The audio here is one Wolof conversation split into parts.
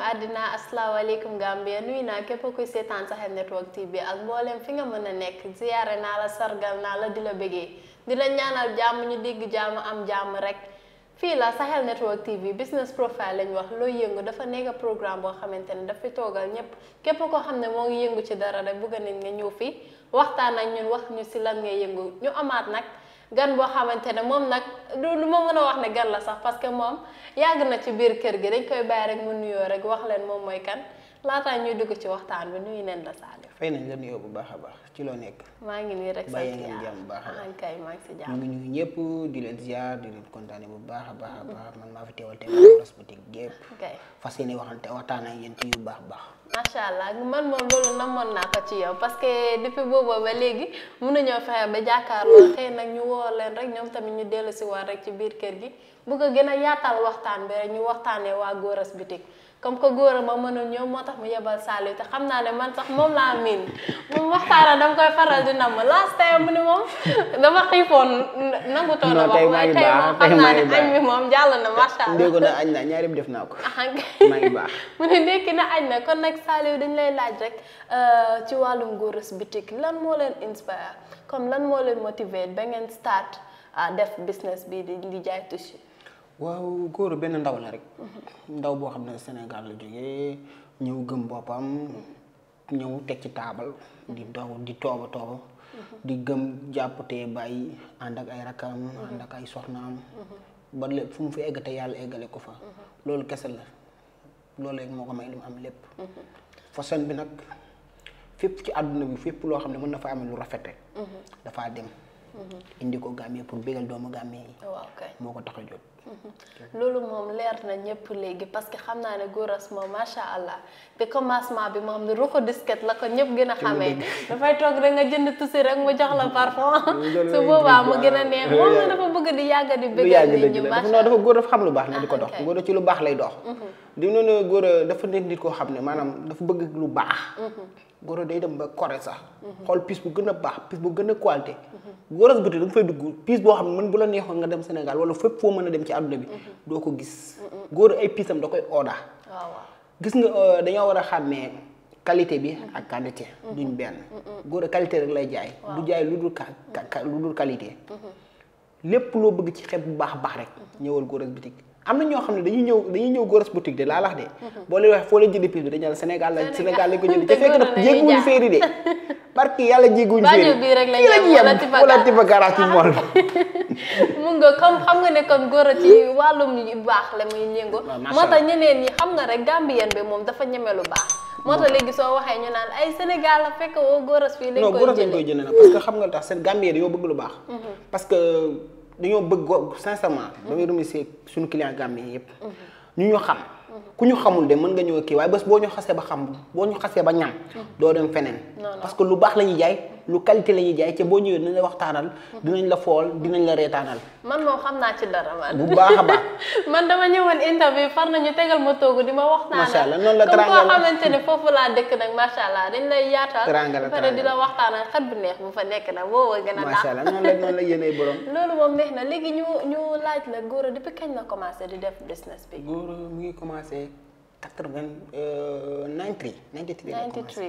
addina asalaamaaleykum àddina bi Gambia nuyu naa képp ko seetaan Sahel Network TV ak mboolem fi nga mën a nekk ziyaare naa la sargal naa la di la bëggee di la ñaanal jàmm ñu dégg jàmm am jàmm rek fii la Sahel Network TV business profile lañ wax looy yëngu dafa nekk programme boo xamante ne dafa fi toogal ñëpp képp koo xam ne moo ngi yëngu ci dara rek bëgg nañ nga ñëw fi waxtaan ak ñu wax ñu si lan ngay yëngu ñu amaat nag. gan boo xamante ne moom nag du lu ma mën a wax ne gan la sax parce que moom yàgg na ci biir kër gi dañ koy bàyyi rek mu nuyoo rek wax leen moom mooy kan laata ñu dugg ci waxtaan bi nuyu neen la Salif. fay nañ la nuyoo bu baax a baax ci loo nekk. maa ngi nii rek sant yàlla bàyyi ngeen jàmm baax a baax. kay maa ngi si jàmm. ñu ngi nuyu ñëpp di leen ziar di leen kontaane bu baax a baax a baax man maa fi teewal teewal respecté gépp. kay fas yéene waxante waxtaan ak yéen ci yu baax a baax. macha allah man moom loolu namoon naa ko ci yow parce que depuis boobu ba léegi mun nañoo fexe ba jàkkaarloo xëy nag ñu woo leen rek ñoom tamit ñu dellu si waat rek ci biir kër gi bëgg a gën a yaatal waxtaan bi rek ñu waxtaanee ya waa Gora's Boutique comme que góor a ma mënul ñëw moo tax mu yebal Saliou te xam naa ne man tax moom laa miin moom waxtaana dama koy faral di namm moom dama xiifoon na wax waaye tey moom xam naa ne añ moom jàll na macha allah ndéko añ na ñaari def naa ko ah, maa ngi mu ne ndékki na añ na kon nag Saliou dañ lay laaj rek euh, ci wàllum Gourous Boutique lan moo leen inspire comme lan moo leen motiver ba ngeen start euh, def business bi di jaay tissu waaw góor benn ndaw la rek. ndaw boo xam ne Sénégal la jógee ñëw gëm boppam ñëw teg ci taabal di daw di tooba tooba. di gëm jàppatee bàyyi ànd ak ay rakam ànd ak ay soxnaam. ba lépp fu mu fi egg te yàlla eggale ko fa. loolu kese la loolu rek moo ko may li mu am lépp. façon bi nag fépp ci àdduna bi fépp loo xam ne mën na fa amee lu rafet dafaa dem. indi ko Gambie pour bégal doomu Gambie oh, moo ko tax a jóg. Mhm. loolu moom leer na ñëpp léegi parce que xam naa ne Gouras moom macha allah te commencement bi moom ne ruxu disket la ko ñëpp gën a xamee. dafay toog rek nga jënd tusi rek mu jox la parfum. su boobaa mu gën a neex moom la dafa bëgg di yàgg di. bégal nit ñi dafa góor dafa xam lu baax. na di ko ah, dox góor ci lu baax lay dox. Mhm. di noonu góor dafa nekk nit koo xam ne maanaam dafa bëgg lu baax. Mhm. goro day dem ba Corée sax. Mhm. xool pièce bu gën a baax pièce bu gën a qualité. goros buti da nga fay dugg pièce boo xam ne man bu la neexoon nga dem Sénégal wala fépp foo mën a dem ci àdduna bi. Mhm. doo ko gis. Mhm. góor ay pièces am da koy ooda. gis nga euh, dañoo war a xàmmee qualité bi ak quantité. duñ benn góor a qualité rek lay jaay. du jaay lu dul ka lu qualité. lépp loo bëgg ci xeet bu baax baax rek. ñëwal góor ak bitik. amna na ñoo xam dañuy ñew dañuy ñew gores boutique de la lax de bo lay wax fo lay jëndé piis bi dañu Sénégal la Sénégal lay ko jëndé te fekk na jéggu jéeguñ féri dé barki yalla yàlla jéeguñ féeri bi rek la ñu yem wala tiba garage ci mool mu nga comme xam nga ne kon góor ci walum ñu baax la muy ñengo moo tax ñeneen ñi xam nga rek Gambien bi mom dafa ñëmé lu baax moo tax léegi soo waxee ñu naan ay Sénégal la fekk wo gores fi lay ko jëndé non góoras lañ koy jëndé nag parce que xam nga tax seen Gambien yo bëgg lu baax mhm. parce que dañoo bëgg sincèrement mhm. damay remercier suñu client Gambie yépp mhm. ñu ñu xam mhm. ku ñu xamul de mën nga ñëw ki way bës bo ñu xasse ba xam bo ñu xasse ba ñam do dem fenen parce que lu bax lañuy jaay lu qualité la ñuy jaay ca boo ñëwee dinañ la waxtaanal. dinañ la fool dinañ la reetaanal. man moo xam naa ci dara man. bu baax a baax. man dama ñëwoon interview far nañu tegal ma toogu di ma waxtaanal. macha la teraanga la comme koo xamante ne foofu laa dëkk nag macha allah dañ lay yaatal. teraanga la pare di la waxtaanal xet bu neex bu fa nekk nag boo woo gën a. macha noonu la noonu la yéenay borom. loolu moom neex na léegi ñu ñu laaj la Gora depuis kañ la commencé di def business bi. Gora mu ngi commencé 80 93. 93 la commencé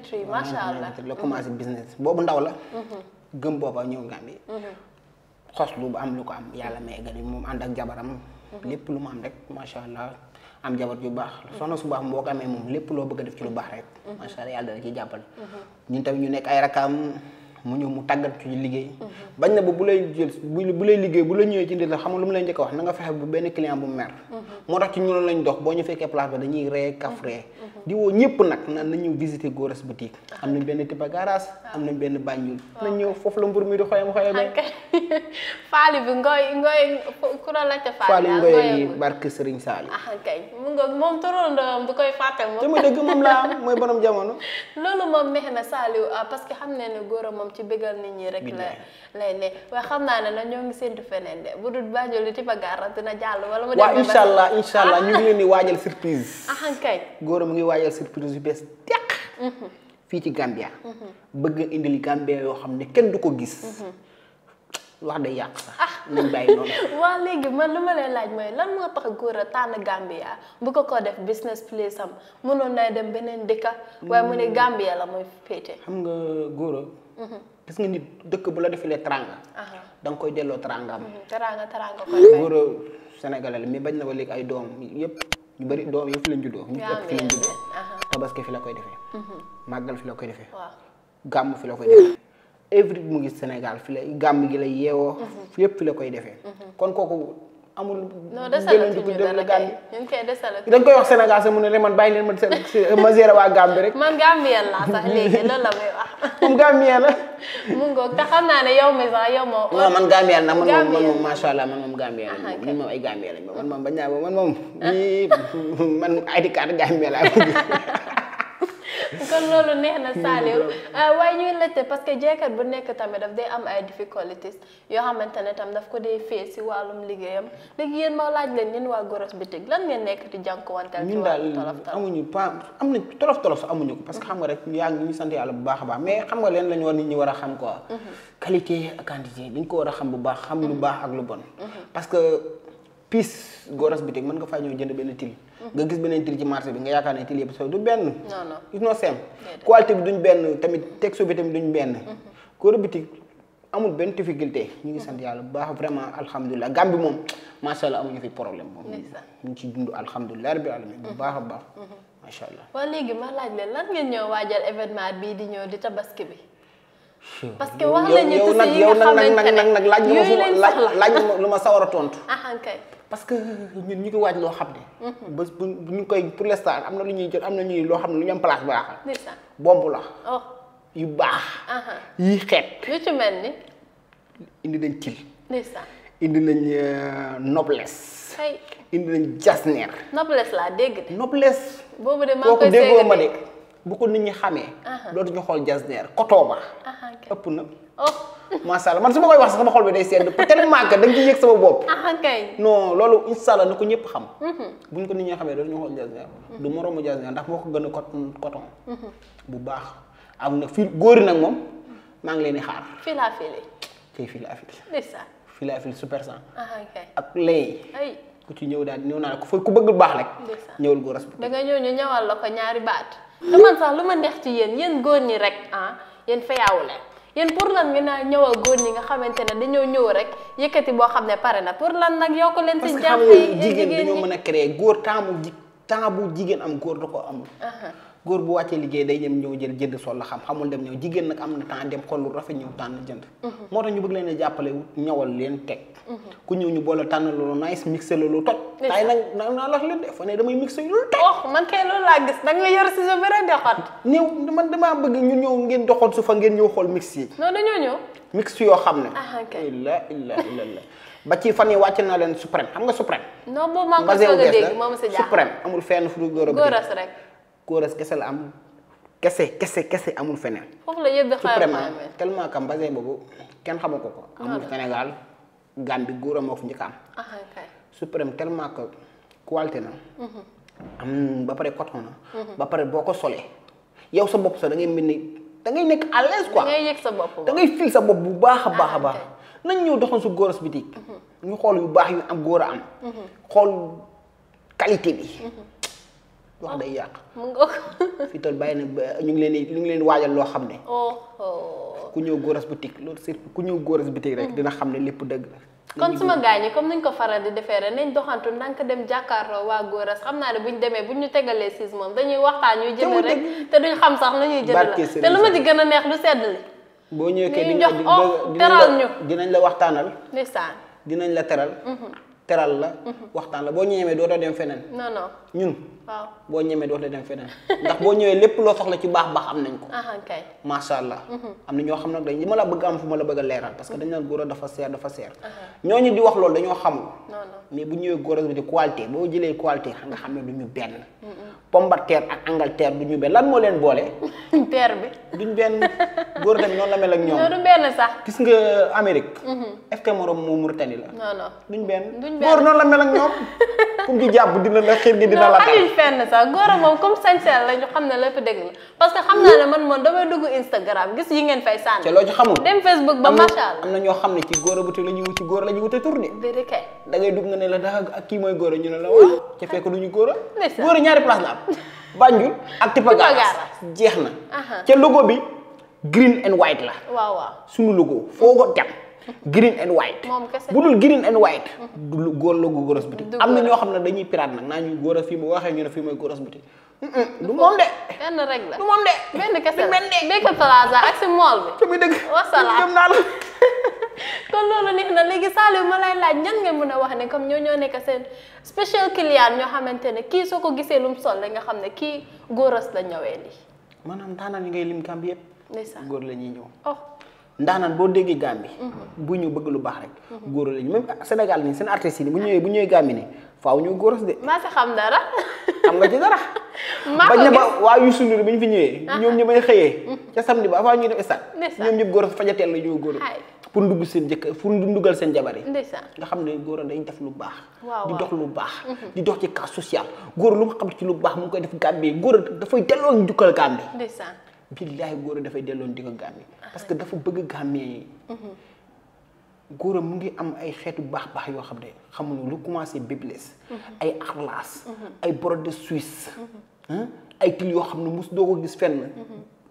93 93 macha allah la mhm. commencé business boobu ndaw la. Mhm. gëm booba ñëw Gambie. Mhm. xos ba am lu ko am yàlla may gën moom ànd ak jabaram. lépp lu mu am rek macha allah am jabar ju baax. soxna su baax boo ko amee moom lépp loo bëgg a def ci lu baax rek. macha allah yàlla dana ci jàppal. ñu nekk ay rakam. mu ñu mu tàggat ci liggéey bañ na bu bu lay jël bu lay liggéey bu la ñëw ci la xam lu mu lay njëkk wax na nga fexé bu benn client bu mer mhm. mo tax ci ñu lañ dox bo ñu féké place ba dañuy ree kaf mhm. di wo ñëpp nak na nañu visiter Gora's boutique ah. am nañ benn tipa garage ah. am nañ benn bañu na ñëw fofu la mbur mi di xoyam xoyamee faali bi ngoy ngoy ku la ca faali ngoy barke Serigne Sali ah kay mu mom toro ndam du koy faté moom dama dëgg mom la moy bonom jamono lolu mom neex na ah, parce que xamné ne ne ci bégal nit ñi rek la lay ne wa xamna na ne ñoo ngi sentu feneen de bu dul Banjul li Tiba Gare dina jall wala mu dem wa inshallah allah allah ñu ngi leen di waajal surprise ahan kay goor mu ngi waajal surprise yu bes tek fi ci Gambia bëgg indil Gambia yoo xam ne kenn du ko gis wax day yàq sax ñu bàyyi non wa léegi man luma lay laaj moy lan mo tax goor a Gambia bu ko ko def business place am mënon na dem benen dekk way mu ne Gambia la moy fété xam nga goor Mm-hmm. gis nga nit dëkk bu la defalee teraanga. Uh-huh. da nga koy delloo teraangaam. Mm-hmm. teraanga teraanga koy góor mais bañ na ba léegi ay doom yëpp ñu bëri doom yëpp fi lañ juddoo. fi uh-huh. la koy defee. Mm-hmm. màggal fi la koy defee. gàmm fi la koy defee. every mu ngi Sénégal fi la gàmm gi la yeewoo. yëpp fi la koy defee. kon kooku. amul. non desalatuñu dara kay ñu ngi koy desalatuñu. da nga koy wax Sénégal sax mu la man bàyyi leen ma seen ma gérer waa Gambie rek. man Gambien laa sax léegi loolu la may wax. moom Gambien la. mu ngoog te xam naa ne yow mi sax yow moo. waaw man Gambien la man moom man man man ay Gambien lañ man moom bañ naa kon loolu neex na Saliou waaye ñuy lëtte parce que jaaykat bu nekk tamit daf day am ay difficultés yoo xamante ne tam daf ko dee fee si wàllum liggéeyam léegi yéen ma laaj leen ñun waa Goros Bitik lan ngeen nekk di jànkuwanteel ñun daal amuñu pa am nañ tolof tolof amuñu ko parce que xam nga rek yaa ngi ñu sant yàlla bu baax a baax mais xam nga leen lañu war nit ñi war a xam quoi mm-hmm. qualité ak quantité dañ ko war a xam bu baax xam lu mm-hmm. baax ak lu bon mm-hmm. parce que pis goras bi tek man nga faa ñëw jënd benn til nga gis beneen til ci marché bi nga yaakaar ne til yëpp so du benn non non it no sem qualité bi duñ benn tamit texte bi tamit duñ benn góor bitik amul benn difficulté ñu eh. ngi mm-hmm. sant yalla baax vraiment alhamdullah gambi mom ma sha mm-hmm. mm-hmm. allah amuñu fi problème mom ñu ci dund alhamdullah rabbi alamin bu baax baax ma sha allah wa léegi ma laaj leen lan ngeen ñoo waajal événement bi di ñoo di tabaski bi parce que wax lañu yow nag nga nag nag nak nak nak lu laaj lu ma sawar a tontu parce que ñun ñu ngi waaj loo xam pun mhm. ba bu ñu koy pour l' instant am na lu ñuy jot am na ñuy loo xam ne lu ñu am place baax la. la. Oh. yu baax. yi xeet. lu ci mel ni. indi nañ til. indi nañ euh, noblesse. indi nañ jasner. noblesse laa dégg de. noblesse. boobu de maa koy dégg de bu ko nit ñi xamé do xamee. xol xool Jasner Kotoba. ëpp na. Oh. ma sha allah man suma koy wax sama xol bi day sedd tellement que da nga ciy yëg sama bopp. kay non lolu inshallah nako na ñëpp xam. Mhm. buñ ko nit ñi xamé do dootuñu xol Jasner. Mhm. du moromu Jasner ndax moo ko coton mhm. bu baax am na fii goori nak mom ma ngi leen xaar. filafilé laa filafilé tey fii c'est ça fii super sang. kay ak lay. ku ci ñëw daal ñëw na ko ku fa ku bëgg baax rek. ñëwal gu respecté. da nga ñëw ñu ñëwal la ko ñaari baat. te man sax lu ma neex ci yéen yéen góor ñi rek ah yéen fayaawu leen yéen pour lan ngeen a ñëwal góor ñi nga xamante ne dañoo ñëw rek yëkkati boo xam ne pare na pour lan nag yokk leen si jàpp yi jigéen dañoo mën a créer góor taamu ji taamu jigéen am góor da ko amul góor bu wàccee liggéey day dem ñëw jël jënd sol la xam xamul dem ñëw jigéen nag am na temps dem xool lu rafet ñëw tànn jënd mhm. moo tax ñu bëgg leen a jàppale ñëwal leen teg mhm. ku ñëw ñu boole tànn loolu nice mixé oh, man kay bëgg ñu ñëw ngeen doxoon su fa ngeen ñëw xool mix yi non dañoo ñëw mix yoo xam ne ah, illa illa illa illa ba ci fan yi wàcc na leen suprême xam nga suprême non boobu maa ngi ko dégg moom sa jaax suprême amul fenn fu du góor a góoras kóoras kese la am kessé kessé kessé amul fenen foofu la yëpp xaar vraiment tellement kam mbase bobu ken xamu ko amul Sénégal gambi góoram mo fu njëkk kam suprême tellement que qualité ah, na. am ba paré coton na. ba paré boko solé yow sa bop sa da ngay minni da ngay nek à l'aise quoi da ngay yek sa bop da ngay fil sa bop bu baaxa baaxa ba nañ ñëw doxon su góoras bitik ñu xol yu baax yu am góor am. xol qualité bi wax day yàq oh, fi tool bàyyi na ba ñu ngi leen di ñu ngi leen waajal loo xam ne oh, oh. ku ñëw góoras boutique loolu surtout ku ñëw góoras boutique rek mm. dina xam ne lépp la kon suma comme ko faral di defee rek nañ doxantu ndànk dem jàkkaarloo waa góoras xam ne buñ demee buñ ñu tegalee siis moom dañuy waxtaan ñuy jënd rek te duñ xam sax la ñuy jënd la lu ma ci gën a dinañ la waxtaanal dinañ la teral la. Mhm. waxtaan la boo ñemee dootoo dem feneen. non non ñun. waaw boo ñemee dootoo dem feneen. ndax boo ñëwee lépp loo soxla ci baax baax am nañ ko. kay macha allah. Mhm. am na ñoo xam nag dañ li ma la bëgg am fu ma la bëgg a leeral. parce que dañ naan góor dafa loolu dañoo xamul. non mais bu ñëwee góor bi di qualité boo jëlee qualité nga xam ne du ñu benn. Pombardier ak Angleterre du ñu benn lan moo leen boole. terre bi duñ benn góor tamit noonu la mel ak ñoom. du benn sax. gis nga Amérique. Mm-hmm. est-ce que morom moo Mauritanie la. duñ benn. góor noonu la mel ak ñoom ku mu ci jàpp dina la xir gi dina la dal fenn sax goor mom comme sañseel la ñu xamna lepp lépp la parce que xamna la man moom damay dugg Instagram gis yi ngeen fay sànni ci lo ci xamul dem Facebook ba machallah amna ño xamne ci goor bu buti lañu wut ci goor lañu wuté wute tourné déedéet kay da ngay dugg nga ne la da ak ki moy goor ñu ne la waaw ci fekk duñu goor goor ñaari place la am Banjul ak Tipagaras jeex na ca logo bi green and white la waaw waaw sunu logo fogo ko dem green and white. bu dul green and white. Mm-hmm. du góor la gu Goros Boutique. am na ñoo xam ne dañuy pirate nag naa ñu góor a fii mu waxee ñu ne fii mooy Goros Boutique. du moom de. rek la du moom de. benn kese la Décathlon Plaza ak si mall bi. te muy dëgg wasalaam naa la. kon loolu neex na léegi Saliou ma lay laaj ñan nga mën a wax ne comme ñoo ñoo nekk seen special client ñoo xamante ne kii soo ko gisee lu sol la nga xam ne kii góoras la ñëwee lii. maanaam daanaka ñu ngay lim kàmb yëpp. góor lañuy ñuy ñëw. Oh. ndaanaan bo déggee gambi bu ñu bëgg lu bax rek góor lañu même Sénégal ni seen artiste ni bu ñëwé bu ñëwé gambi ni faaw ñu góoros dé ma sa xam dara xam nga ci dara bañ na ba wa Youssou Ndour biñ fi ñëwé ñoom ñu may xëyee mhm. ca samedi ba fa ñu def stade ñoom ñu góoros fajateel la ñu góor pour ndugg seen jëk pour ndugal seen jabaré yi nga xam né góor dañ def lu bax di dox lu bax mhm. di dox ci cas social góor lu xam ci lu bax mu koy def da fay delo ñu jukal njukkal Gambie billaahi góor a dafay delloon di ko ah, parce que dafa bëgg gàmmee mhm. góor a mu ngi am ay xeetu baax baax yoo xam ne xamuñu lu commencé bibles mhm. ay arlas mhm. ay broderie de suisse ay kii yoo xam ne mus doo ko gis fenn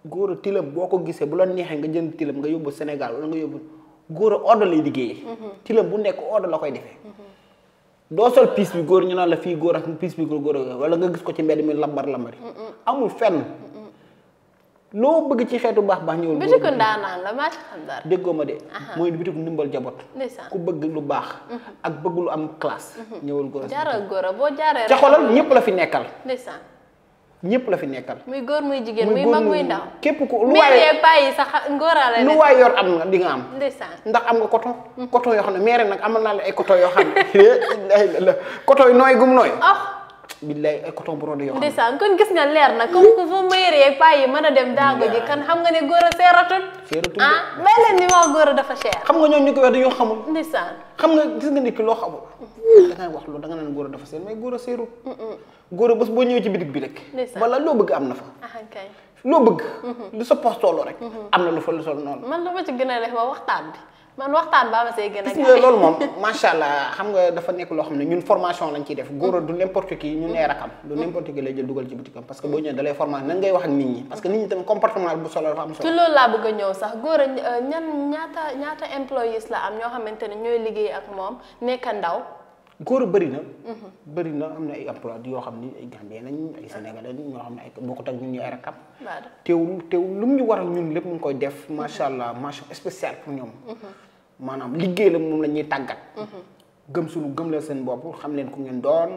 góor a tilam boo ko gisee bu la neexee nga jënd tilam nga yóbbu Sénégal wala nga yóbbu góor a ordre lay liggéeyee tilam bu nekk ordre la koy defee doo sol piis bi góor ñu naan la fii góor ak piis nga gis ko ci mbedd mi lambar lambari amul fenn loo bëgg ci xeetu baax baax ñëwul. bitiku ndaanaan la maa ci xam dara. déggoo ma de. mooy bitiku ndimbal jabot. ku bëgg lu baax. Mhm. ak bëgg lu am classe. Mhm. ñëwul góor a jaaral góor a boo jaaree ca xolal ñëpp la fi nekkal. ndeysaan. ñëpp la fi nekkal. muy góor muy jigéen muy mag muy ndaw. képp ku lu waaye bàyyi sax ngóoraa waay yor am na di nga am. ndeysaan ndax am nga coton. Mhm. coton yoo xam ne meere nag amal naa la ay coton yoo xam ne coton yi nooy gum nooy. Oh. billaay ay coton brodé yoo xam ndeysaan kon gis nga leer na comme a dem daago kan xam nga ne goor a seeratul seeratul ah bay leen ni wax góor a dafa cher xam nga ñoom ñu ko wax xam nga gis loo xamul da ngay wax loolu da nga naan góor a dafa seer mais góor a seerul góor a boo ñëwee ci bitig bi rek wala loo bëgg am na fa ah, kay loo bëgg mm-hmm. lu sa poche toolu rek mm-hmm. am na lu fa lu sol noonu man la ma ci gën a leex wa waxtaan bi man waxtaan baa ma see gën a gis nga loolu allah xam nga dafa nekk loo xam ne ñun formation lañ ciy def mm. góor du n'importe qui ñun ay rakam du n'importe qui lay jël dugal ci butikam parce que boo ñëwee dalay formation nan ngay wax ak nit ñi parce que nit ñi tamit comportement bu solo dafa am solo ci loolu laa bëgg a ñëw sax góor ñan ñaata ñaata employés la am ñoo xamante ne ñooy liggéey ak moom nekk ndaw góor bëri na. Mhm. bëri na am na ay emploi yoo xam ni ay Gambien lañ ay Sénégalais lañ ñoo xam ne ay bokkut ak ñun ñu ay rakam. teewul teewul lu mu ñu war a ñun lépp mu ngi koy def mhm. macha allah mention spéciale pour ñoom. Mhm. maanaam liggéey la moom la ñuy tàggat. gëm suñu gëm leen seen bopp xam leen ku ngeen doon.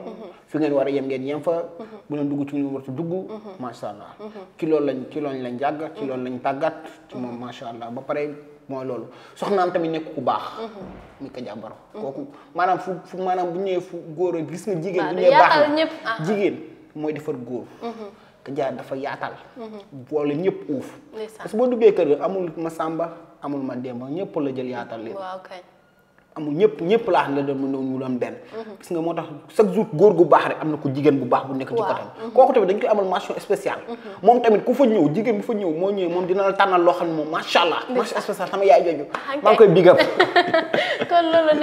fi ngeen war a yem ngeen yem fa. bu leen dugg ci ñu war a dugg. macha allah ci loolu lañ ci loolu lañ jàggat ci loolu lañ tàggat ci moom macha allah ba pare. mooy loolu soxnaam tamit nekk ku baax. muy mm-hmm. ko jàmbaro. kooku maanaam fu fu maanaam bu ñëwee fu góor gis nga jigéen. Ah, bu ñëwee baax na ah, ah. jigéen mooy defar góor. Mm-hmm. ka jaar dafa yaatal. Mm-hmm. boole ñëpp uuf. parce que boo duggee kër amul ma sàmba amul ma demba ñëpp la jël yaatal leen. amul ñëpp ñëpp laax la doon mu doon benn mhm. gis am na ko jigéen bu baax bu nekk ci côté mhm. kooku tamit dañ koy amal mention spéciale mhm. moom fa ñëw jigéen bu fa ñëw moom dina la tànnal loo xam ne moom macha allah mention spéciale sama yaay jooju ah, maa ngi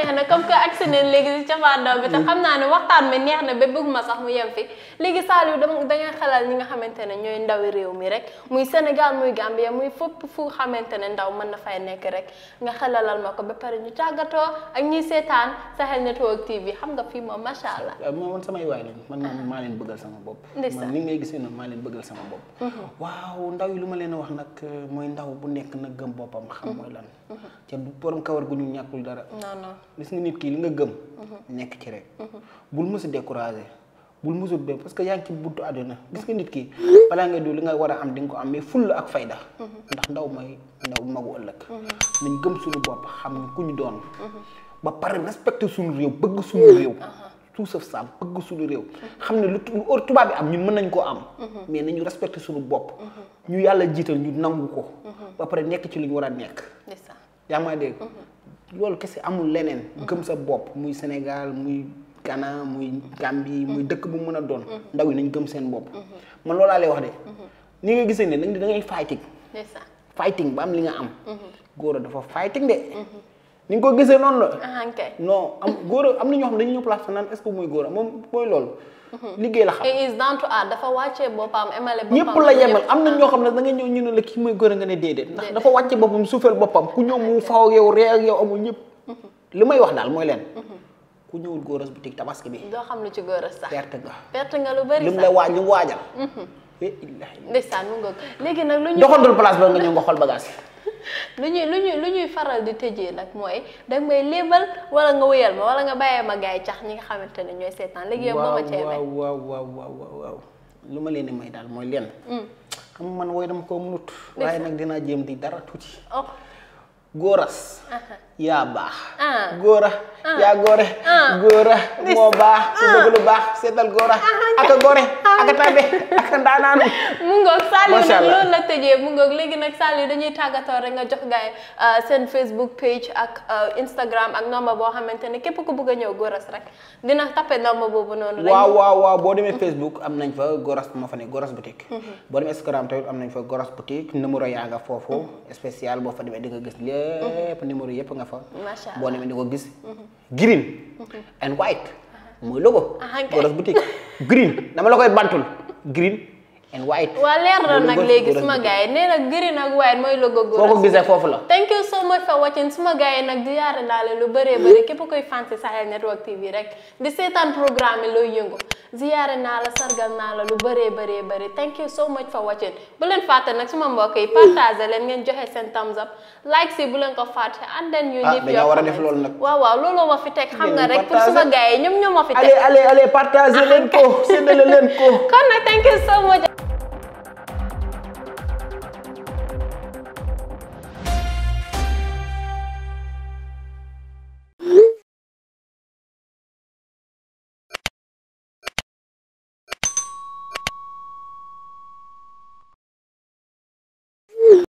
na comme que agsi na léegi si cafaandaw bi te naa ne waxtaan mi neex na ba bëgguma sax mu yem fi léegi Saliou dama da nga xelal ñi nga xamante ne ñooy ndawi réew mi rek muy Sénégal muy Gambia muy fépp fu xamante ne ndaw mën na fay nekk rek nga xelalal ma ko ba pare ñu tàggatoo ak ñiy seetaan Sahel Network TV xam nga fii moom macha allah. waaw euh, man samay waay lañ man moom maa leen bëggal sama bopp. ndeysaan ni ngay gisee noonu maa leen bëggal sama bopp. Mhm. waaw ndaw yi lu ma leen wax nag euh, mooy ndaw bu nekk na gëm boppam xam mhm. mooy lan. Mhm. ca borom kawar gu ñu ñàkkul dara. non non gis nga nit ki li nga gëm. nekk ci rek. bul mës a bul musul ba parce que yaa ngi ci buntu àdduna gis nga nit kii balaa ngay du li nga war a am di ko am mais fulla ak fayda mm-hmm. ndax ndaw mooy ndaw magu ëllëg mm-hmm. nañ gëm suñu bopp xam nga ku ñu doon mm-hmm. ba pare respecté suñu réew bëgg suñu réew uh-huh. tout sauf ça bëgg suñu réew xam ne lu tubaab bi am ñun mën nañ koo am mais nañu respecté suñu bopp ñu yàlla jiital ñu nangu ko ba pare nekk ci lu ñu war a nekk yaa may dégg loolu kese amul leneen gëm sa bopp muy Sénégal muy Ghana muy Gambie muy mm-hmm. dëkk bu mën a doon. Mm-hmm. ndaw yi nañ gëm seen bopp. Mm-hmm. man loolaa lay wax de. ni nga gisee ne da ngay fighting. fighting ba am li nga am. góor a dafa fighting de. ni nga ko gisee noonu la. Ah, non am góor am na ñoo xam dañu ñëw place naan est-ce que muy a moom mooy loolu. liggéey la xam is down to art na ah. ñoo xam ne da nga ñëw ne la kii mooy góor a nga ne déedéet ndax dafa wàcce boppam suufeel boppam ku ñëw mu ah, faw yow ree ak amul ñëpp li may wax daal mooy leen ku ñëwul góoras boutique tabaski bi. doo xam lu ci góoras sax perte nga. perte nga lu bëri sax la waaj ñu waajal. eh mhm. Illaah. ndeysaan mu léegi nag. lu ñu doxandul place ba nga ñëw nga xool bagage yi. ñuy faral di tëjee nag mooy danga may léebal wala nga wéyal ma wala nga bàyyee ma gaay ñi nga xamante ne ñooy seetaan léegi yow moo ma cee may waaw lu ma leen di may daal mooy lenn. Mm. xam man wooy dama koo mënut. waaye nag dinaa jëm di dara tuuti. Oh. goras ya bah ah. gorah ah. ya goreh ah. gorah ngobah udah gelubah setel gorah atau goreh ak tabe ak ndaanaanu mu ngoog Saliou nag loolu la tëjee mu ngoog léegi nag Saliou dañuy tàggatoo rek nga jox gaay euh, seen Facebook page ak euh, Instagram ak nomba boo xamante ne képp ku bëgg a ñëw Goras rek dina tapé nomba boobu noonu rek waaw waaw waaw boo am nañ fa Goras moo fa ne Goras boutique mhm. boo am nañ fa Goras boutique numéro yaa nga foofu mhm. spécial boo fa demee di nga gis lépp numéro yëpp nga fa macha allah boo demee di ko gis mhm. green and white mooy logo Goras boutique green dama la koy bantul green and white. waa leer na nag léegi suma gars yi nee na green ak white mooy logo góor. foo ko gisee foofu la. thank you so much for watching suma gars yi nag di yaare naa leen lu bëree bëri képp koy fancy Sahel Network TV rek di seetaan programme yi yëngu ziyaare naa la sargal naa la lu baree baree bëri thank you so much for watching bu leen fàtte nag suma mbokk yi partage leen ngeen joxe seen thumbs up like si bu leen ko fàtte and then you ah, leave your war def loolu nag waaw waaw looloo ma fi teg xam nga rek pour